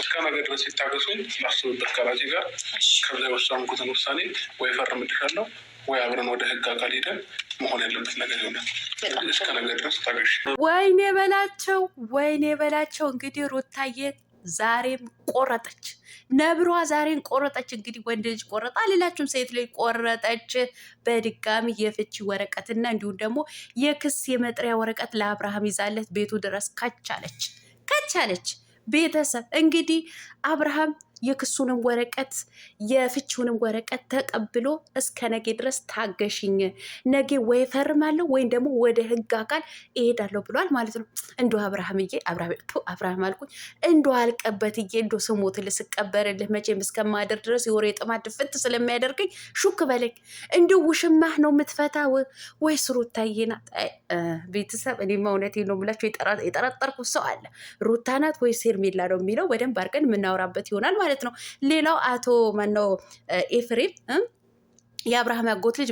እስከ ነገ ድረስ ሲታገሱኝ ላስብበት ከራሴ ጋር ከዛ የወሰንኩትን ውሳኔ ወይ ፈርምልሻለሁ ወይ አብረን ወደ ህግ አካል ሄደን መሆን ያለበት ነገር ይሆናል። እስከ ነገ ድረስ ታገሽ። ወይኔ በላቸው፣ ወይኔ በላቸው። እንግዲህ ሩታዬ ዛሬም ቆረጠች፣ ነብሯ ዛሬን ቆረጠች። እንግዲህ ወንድ ልጅ ቆረጣ ሌላችሁም ሴት ልጅ ቆረጠች። በድጋሚ የፍቺ ወረቀትና እንዲሁም ደግሞ የክስ የመጥሪያ ወረቀት ለአብርሃም ይዛለት ቤቱ ድረስ ከቻለች ከቻለች ቤተሰብ እንግዲህ አብርሃም የክሱንም ወረቀት የፍቺውንም ወረቀት ተቀብሎ እስከ ነጌ ድረስ ታገሽኝ፣ ነጌ ወይ ፈርማለሁ ወይም ደግሞ ወደ ህግ አካል እሄዳለሁ ብሏል ማለት ነው። እንዶ አብርሃምዬ አብርሃም አልኩኝ፣ እንዶ አልቀበትዬ፣ እንዶ ስሞትልህ ስቀበርልህ መቼም እስከማደር ድረስ የወሬ ጥማት ድፍት ስለሚያደርገኝ ሹክ በለኝ። እንዲ ውሽማህ ነው የምትፈታ ወይ ሩታዬ ናት? ቤተሰብ እኔማ እውነቴን ነው የምላቸው የጠረጠርኩት ሰው አለ ሩታ ናት ወይስ ሄርሜላ ነው የሚለው በደንብ አድርገን የምናወራበት ይሆናል ማለት ነው። ማለት ነው። ሌላው አቶ መነው ኤፍሬም የአብርሃም ያጎት ልጅ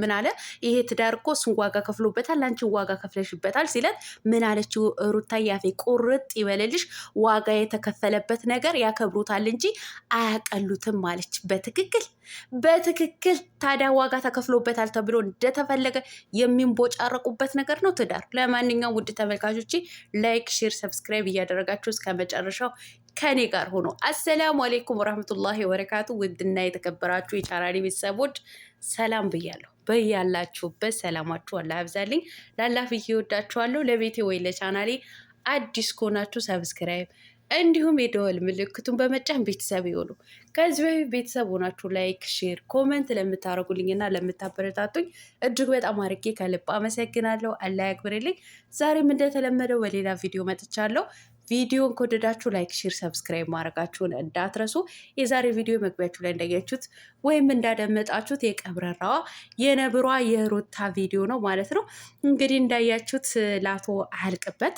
ምን አለ? ይሄ ትዳር እኮ እሱን ዋጋ ከፍሎበታል፣ አንቺን ዋጋ ከፍለሽበታል ሲለት ምን አለችው ሩታ? ያፌ ቁርጥ ይበለልሽ፣ ዋጋ የተከፈለበት ነገር ያከብሩታል እንጂ አያቀሉትም ማለች። በትክክል በትክክል ታዲያ ዋጋ ተከፍሎበታል ተብሎ እንደተፈለገ የሚንቦጫረቁበት ነገር ነው ትዳር። ለማንኛውም ውድ ተመልካቾች ላይክ፣ ሼር፣ ሰብስክራይብ እያደረጋችሁ እስከ መጨረሻው ከኔ ጋር ሆኖ። አሰላሙ አሌይኩም ወረህመቱላሂ ወበረካቱ። ውድና የተከበራችሁ የቻናሌ ቤተሰቦች ሰላም ብያለሁ። በያላችሁበት ሰላማችሁ አላ ያብዛልኝ። ላላፍ እየወዳችኋለሁ። ለቤቴ ወይ ለቻናሌ አዲስ ከሆናችሁ ሰብስክራይብ እንዲሁም የደወል ምልክቱን በመጫን ቤተሰብ ይሆኑ። ከዚህ በፊት ቤተሰብ ሆናችሁ ላይክ፣ ሼር፣ ኮመንት ለምታደርጉልኝና ለምታበረታቱኝ እጅግ በጣም አርጌ ከልብ አመሰግናለሁ። አላህ ያክብርልኝ። ዛሬም እንደተለመደው በሌላ ቪዲዮ መጥቻለሁ። ቪዲዮን ከወደዳችሁ ላይክ፣ ሼር፣ ሰብስክራይብ ማድረጋችሁን እንዳትረሱ። የዛሬ ቪዲዮ መግቢያችሁ ላይ እንዳያችሁት ወይም እንዳደመጣችሁት የቀብረራዋ የነብሯ የሩታ ቪዲዮ ነው ማለት ነው። እንግዲህ እንዳያችሁት ላቶ አያልቅበት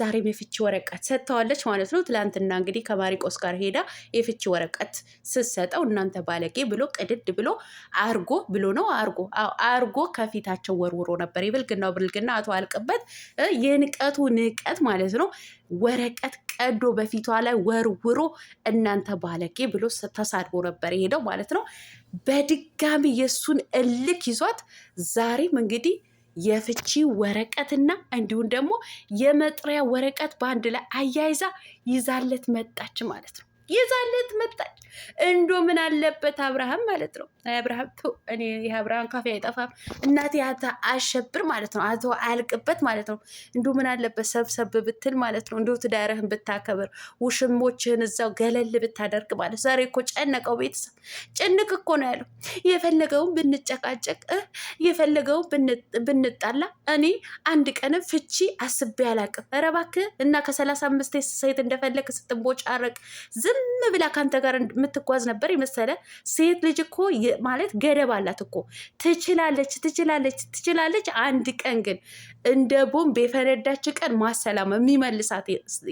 ዛሬም የፍቺ ወረቀት ሰጥተዋለች ማለት ነው። ትላንትና እንግዲህ ከማሪቆስ ጋር ሄዳ የፍቺ ወረቀት ስትሰጠው እናንተ ባለጌ ብሎ ቅድድ ብሎ አርጎ ብሎ ነው አርጎ አርጎ ከፊታቸው ወርውሮ ነበር። የብልግናው ብልግና አቶ አያልቅበት የንቀቱ ንቀት ማለት ነው። ወረቀት ቀዶ በፊቷ ላይ ወርውሮ እናንተ ባለጌ ብሎ ተሳድቦ ነበር የሄደው ማለት ነው። በድጋሚ የእሱን እልክ ይዟት ዛሬም እንግዲህ የፍቺ ወረቀትና እንዲሁም ደግሞ የመጥሪያ ወረቀት በአንድ ላይ አያይዛ ይዛለት መጣች ማለት ነው። ይዛለት መጣች። እንዶ ምን አለበት አብርሃም ማለት ነው። አብርሃም እኔ የአብርሃም ካፌ አይጠፋም። እናቴ አቶ አሸብር ማለት ነው። አቶ አያልቅበት ማለት ነው። እንዶ ምን አለበት ሰብሰብ ብትል ማለት ነው። እንዶ ትዳርህን ብታከብር፣ ውሽሞችህን እዛው ገለል ብታደርግ ማለት ዛሬ እኮ ጨነቀው ቤተሰብ። ጭንቅ እኮ ነው ያለው። የፈለገውን ብንጨቃጨቅ፣ የፈለገውን ብንጣላ እኔ አንድ ቀንም ፍቺ አስቤ አላቅም። ኧረ እባክህ እና ከሰላሳ አምስት ሴት እንደፈለግ ስትንቦጫረቅ ዝም ዝም ብላ ከአንተ ጋር የምትጓዝ ነበር የመሰለ ሴት ልጅ እኮ ማለት ገደብ አላት እኮ። ትችላለች ትችላለች ትችላለች። አንድ ቀን ግን እንደ ቦምብ የፈነዳች ቀን ማሰላም የሚመልሳት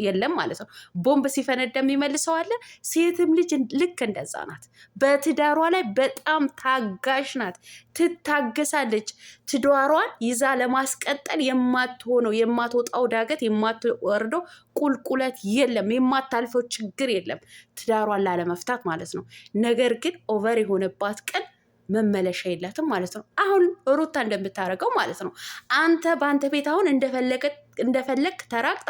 የለም ማለት ነው። ቦምብ ሲፈነዳ የሚመልሰው አለ። ሴትም ልጅ ልክ እንደዛ ናት። በትዳሯ ላይ በጣም ታጋሽ ናት። ትታገሳለች። ትዳሯን ይዛ ለማስቀጠል የማትሆነው የማትወጣው ዳገት የማትወርደው ቁልቁለት የለም። የማታልፈው ችግር የለም። ትዳሯን ላለመፍታት ማለት ነው። ነገር ግን ኦቨር የሆነባት ቀን መመለሻ የላትም ማለት ነው። አሁን ሩታ እንደምታደርገው ማለት ነው። አንተ በአንተ ቤት አሁን እንደፈለግ ተራቅጠ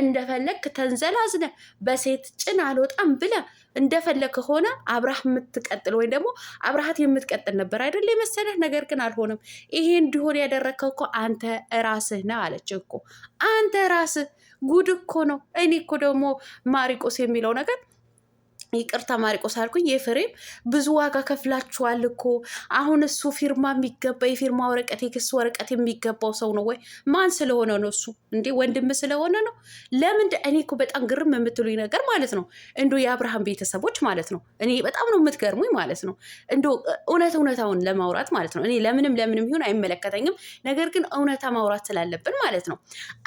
እንደፈለግ ተንዘላዝለ በሴት ጭን አልወጣም ብለ እንደፈለግ ከሆነ አብራህ የምትቀጥል ወይም ደግሞ አብረሃት የምትቀጥል ነበር አይደለ የመሰለህ። ነገር ግን አልሆነም። ይሄ እንዲሆን ያደረግከው እኮ አንተ ራስህ ነህ አለች እኮ አንተ ራስህ። ጉድ እኮ ነው። እኔ እኮ ደግሞ ማሪቆስ የሚለው ነገር ይቅርታ ማሪቆስ አልኩኝ። የፍሬም ብዙ ዋጋ ከፍላችኋል እኮ አሁን እሱ ፊርማ የሚገባ የፊርማ ወረቀት የክስ ወረቀት የሚገባው ሰው ነው ወይ? ማን ስለሆነ ነው እሱ? እንዴ ወንድም ስለሆነ ነው? ለምን እኔ እኮ በጣም ግርም የምትሉኝ ነገር ማለት ነው እንዶ የአብርሃም ቤተሰቦች ማለት ነው። እኔ በጣም ነው የምትገርሙኝ ማለት ነው። እንዶ እውነት እውነታውን ለማውራት ማለት ነው። እኔ ለምንም ለምንም ይሁን አይመለከተኝም፣ ነገር ግን እውነታ ማውራት ስላለብን ማለት ነው።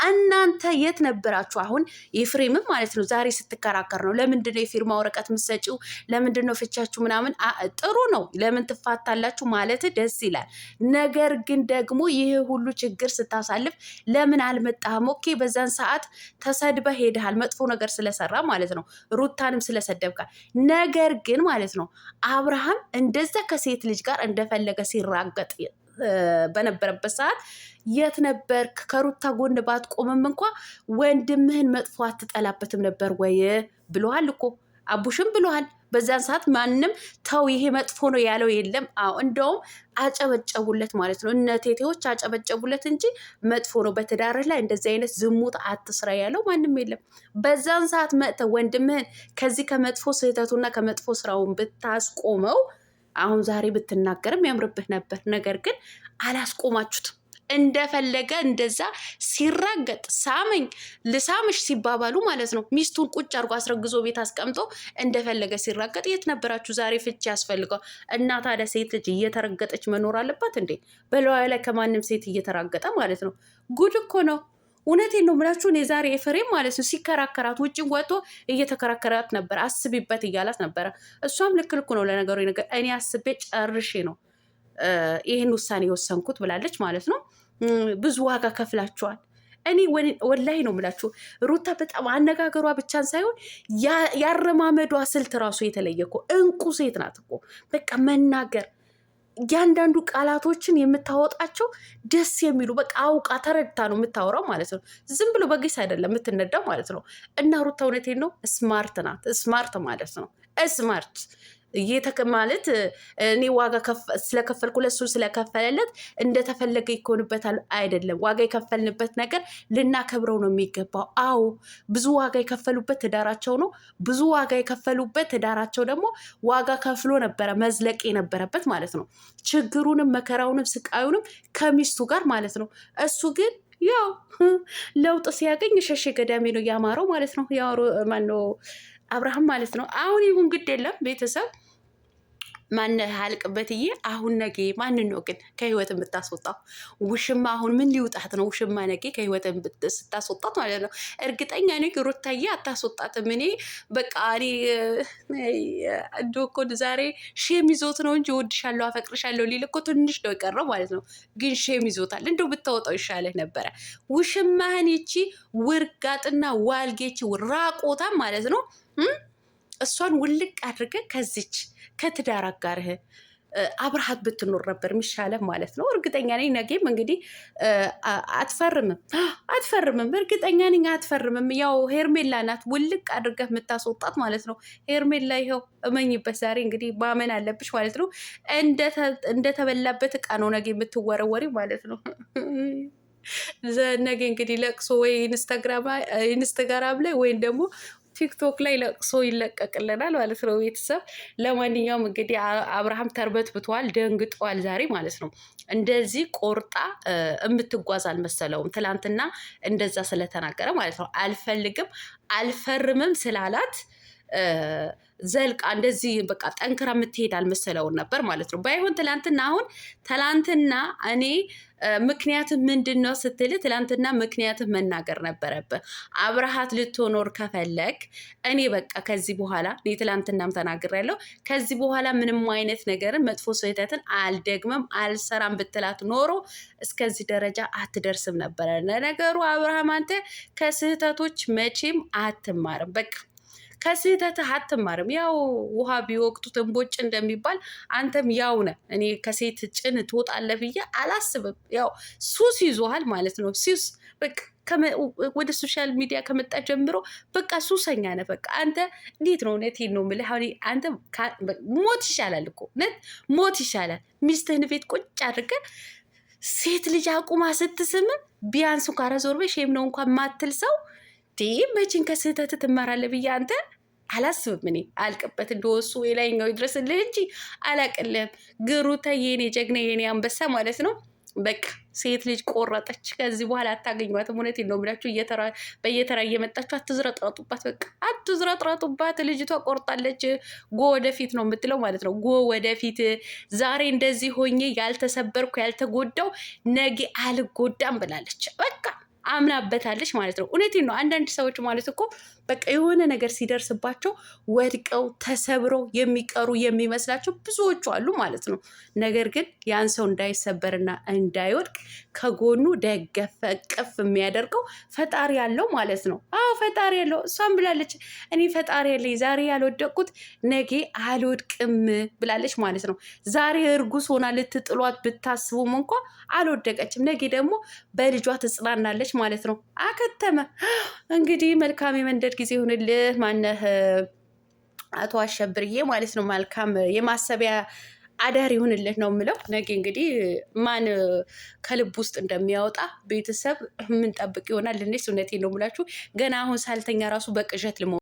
እናንተ የት ነበራችሁ? አሁን የፍሬምም ማለት ነው ዛሬ ስትከራከር ነው። ለምንድነው ነው የፊርማ ወረቀት የምትሰጪው ለምንድን ነው ፍቻችሁ ምናምን ጥሩ ነው፣ ለምን ትፋታላችሁ ማለት ደስ ይላል። ነገር ግን ደግሞ ይህ ሁሉ ችግር ስታሳልፍ ለምን አልመጣህም? ኦኬ በዛን ሰዓት ተሰድበ ሄደሃል፣ መጥፎ ነገር ስለሰራ ማለት ነው፣ ሩታንም ስለሰደብካል። ነገር ግን ማለት ነው አብርሃም እንደዛ ከሴት ልጅ ጋር እንደፈለገ ሲራገጥ በነበረበት ሰዓት የት ነበር? ከሩታ ጎን ባትቆምም እንኳ ወንድምህን መጥፎ አትጠላበትም ነበር ወይ ብለዋል እኮ አቡሽም ብሏል። በዛን ሰዓት ማንም ተው ይሄ መጥፎ ነው ያለው የለም። አዎ እንደውም አጨበጨቡለት ማለት ነው። እነ ቴቴዎች አጨበጨቡለት እንጂ መጥፎ ነው በትዳርህ ላይ እንደዚህ አይነት ዝሙት አትስራ ያለው ማንም የለም። በዛን ሰዓት መጥተ ወንድምህን ከዚህ ከመጥፎ ስህተቱና ከመጥፎ ስራውን ብታስቆመው አሁን ዛሬ ብትናገርም ያምርብህ ነበር። ነገር ግን አላስቆማችሁትም። እንደፈለገ እንደዛ ሲራገጥ ሳመኝ ልሳምሽ ሲባባሉ ማለት ነው። ሚስቱን ቁጭ አድርጎ አስረግዞ ቤት አስቀምጦ እንደፈለገ ሲራገጥ የት ነበራችሁ? ዛሬ ፍቺ ያስፈልገው እና ታዲያ ሴት ልጅ እየተረገጠች መኖር አለባት እንዴ? በለዋያ ላይ ከማንም ሴት እየተራገጠ ማለት ነው። ጉድ እኮ ነው። እውነቴን ነው የምላችሁን። የዛሬ ኤፍሬም ማለት ነው ሲከራከራት ውጭን ወጥቶ እየተከራከራት ነበር። አስቢበት እያላት ነበረ። እሷም ልክ ልኩ ነው ለነገሩ ነገር እኔ አስቤ ጨርሼ ነው ይህን ውሳኔ የወሰንኩት ብላለች ማለት ነው። ብዙ ዋጋ ከፍላችኋል። እኔ ወላይ ነው የምላችሁ ሩታ በጣም አነጋገሯ ብቻን ሳይሆን ያረማመዷ ስልት ራሱ የተለየ እኮ እንቁ ሴት ናት እኮ በቃ መናገር እያንዳንዱ ቃላቶችን የምታወጣቸው ደስ የሚሉ በቃ አውቃ ተረድታ ነው የምታወራው ማለት ነው። ዝም ብሎ በግስ አይደለም የምትነዳው ማለት ነው። እና ሩታ እውነቴን ነው ስማርት ናት። ስማርት ማለት ነው ስማርት ማለት እኔ ዋጋ ስለከፈልኩ ለሱ ስለከፈለለት እንደተፈለገ ይኮንበታል አይደለም። ዋጋ የከፈልንበት ነገር ልናከብረው ነው የሚገባው። አዎ ብዙ ዋጋ የከፈሉበት ትዳራቸው ነው። ብዙ ዋጋ የከፈሉበት ትዳራቸው ደግሞ ዋጋ ከፍሎ ነበረ መዝለቅ የነበረበት ማለት ነው። ችግሩንም መከራውንም ስቃዩንም ከሚስቱ ጋር ማለት ነው። እሱ ግን ያው ለውጥ ሲያገኝ ሸሽ ገዳሚ ነው ያማረው ማለት ነው። ያው ማነው አብርሃም ማለት ነው። አሁን ይሁን ግድ የለም ቤተሰብ ያልቅበት እዬ አሁን ነጌ ማንን ነው ግን ከህይወት የምታስወጣው? ውሽማ አሁን ምን ሊውጣት ነው? ውሽማ ነገ ከህይወት ስታስወጣት ማለት ነው። እርግጠኛ ነ ሩታዬ አታስወጣትም። እኔ በቃ እኔ እንደኮ ዛሬ ሼም ይዞት ነው እንጂ እወድሻለሁ፣ አፈቅርሻለሁ ሊል እኮ ትንሽ ነው የቀረው ማለት ነው። ግን ሼም ይዞታል። እንደው ብታወጣው ይሻለህ ነበረ። ውሽማህን ይቺ ውርጋጥና ዋልጌች ራቆታ ማለት ነው። እሷን ውልቅ አድርገ ከዚች ከትዳር አጋርህ አብርሃት ብትኖር ነበር የሚሻለ ማለት ነው። እርግጠኛ ነኝ ነገም እንግዲህ አትፈርምም አትፈርምም፣ እርግጠኛ ነኝ አትፈርምም። ያው ሄርሜላ ናት ውልቅ አድርገህ የምታስወጣት ማለት ነው። ሄርሜላ ይኸው እመኝበት። ዛሬ እንግዲህ ማመን አለብሽ ማለት ነው። እንደተበላበት እቃ ነው ነገ የምትወረወሪ ማለት ነው። ነገ እንግዲህ ለቅሶ ወይ ኢንስታግራም ላይ ወይም ደግሞ ቲክቶክ ላይ ለቅሶ ይለቀቅልናል ማለት ነው ቤተሰብ። ለማንኛውም እንግዲህ አብርሃም ተርበት ብተዋል፣ ደንግጠዋል ዛሬ ማለት ነው። እንደዚህ ቆርጣ የምትጓዝ አልመሰለውም። ትላንትና እንደዛ ስለተናገረ ማለት ነው አልፈልግም አልፈርምም ስላላት ዘልቃ እንደዚህ በቃ ጠንክራ የምትሄድ አልመሰለውን ነበር ማለት ነው። ባይሆን ትላንትና አሁን ትላንትና እኔ ምክንያት ምንድን ነው ስትል ትላንትና ምክንያት መናገር ነበረብህ። አብረሃት ልትኖር ከፈለግ እኔ በቃ ከዚህ በኋላ እኔ ትላንትናም ተናግሬያለሁ፣ ከዚህ በኋላ ምንም አይነት ነገርን መጥፎ ስህተትን አልደግመም አልሰራም ብትላት ኖሮ እስከዚህ ደረጃ አትደርስም ነበረ። ነገሩ አብርሃም አንተ ከስህተቶች መቼም አትማርም በቃ ከስህተትህ አትማርም። ያው ውሃ ቢወቅጡት እንቦጭ እንደሚባል አንተም ያው ነህ። እኔ ከሴት ጭን ትወጣለህ ብዬ አላስብም። ያው ሱስ ይዞሃል ማለት ነው። ሱስ በቃ ወደ ሶሻል ሚዲያ ከመጣ ጀምሮ በቃ ሱሰኛ ነህ። በቃ አንተ እንዴት ነው? እውነቴን ነው የምልህ። አንተ ሞት ይሻላል እኮ እውነት ሞት ይሻላል። ሚስትህን ቤት ቁጭ አድርገህ ሴት ልጅ አቁማ ስትስምም ቢያንስ እንኳ ረዞር ሼም ነው እንኳን ማትል ሰው መቼን ከስህተት ትማራለህ ብዬ አንተ አላስብም። እኔ አልቅበት እንደወሱ የላይኛው ይድረስልህ እንጂ አላቅልህም። ግሩተ የኔ ጀግና የኔ አንበሳ ማለት ነው። በቃ ሴት ልጅ ቆረጠች። ከዚህ በኋላ አታገኟትም። እውነቴን ነው ብላችሁ በየተራ እየመጣችሁ አትዝረጥረጡባት። በቃ አትዝረጥረጡባት። ልጅቷ ቆርጣለች። ጎ ወደፊት ነው የምትለው ማለት ነው። ጎ ወደፊት። ዛሬ እንደዚህ ሆኜ ያልተሰበርኩ ያልተጎዳው ነገ አልጎዳም ብላለች። በቃ አምናበታለች ማለት ነው። እውነቴን ነው። አንዳንድ ሰዎች ማለት እኮ በቃ የሆነ ነገር ሲደርስባቸው ወድቀው ተሰብረው የሚቀሩ የሚመስላቸው ብዙዎቹ አሉ ማለት ነው። ነገር ግን ያን ሰው እንዳይሰበርና እንዳይወድቅ ከጎኑ ደገፈ ቅፍ የሚያደርገው ፈጣሪ ያለው ማለት ነው። አዎ ፈጣሪ ያለው እሷም ብላለች፣ እኔ ፈጣሪ ያለኝ ዛሬ ያልወደቅኩት ነገ አልወድቅም ብላለች ማለት ነው። ዛሬ እርጉዝ ሆና ልትጥሏት ብታስቡም እንኳ አልወደቀችም። ነገ ደግሞ በልጇ ትጽናናለች ማለት ነው። አከተመ። እንግዲህ መልካም የመንደድ ጊዜ ይሁንልህ። ማነህ አቶ አሸብርዬ ማለት ነው። መልካም የማሰቢያ አዳር ይሁንልህ ነው የምለው። ነገ እንግዲህ ማን ከልብ ውስጥ እንደሚያወጣ ቤተሰብ ምን ጠብቅ ይሆናል። እኔስ እውነቴን ነው የምላችሁ ገና አሁን ሳልተኛ ራሱ በቅዠት ልመ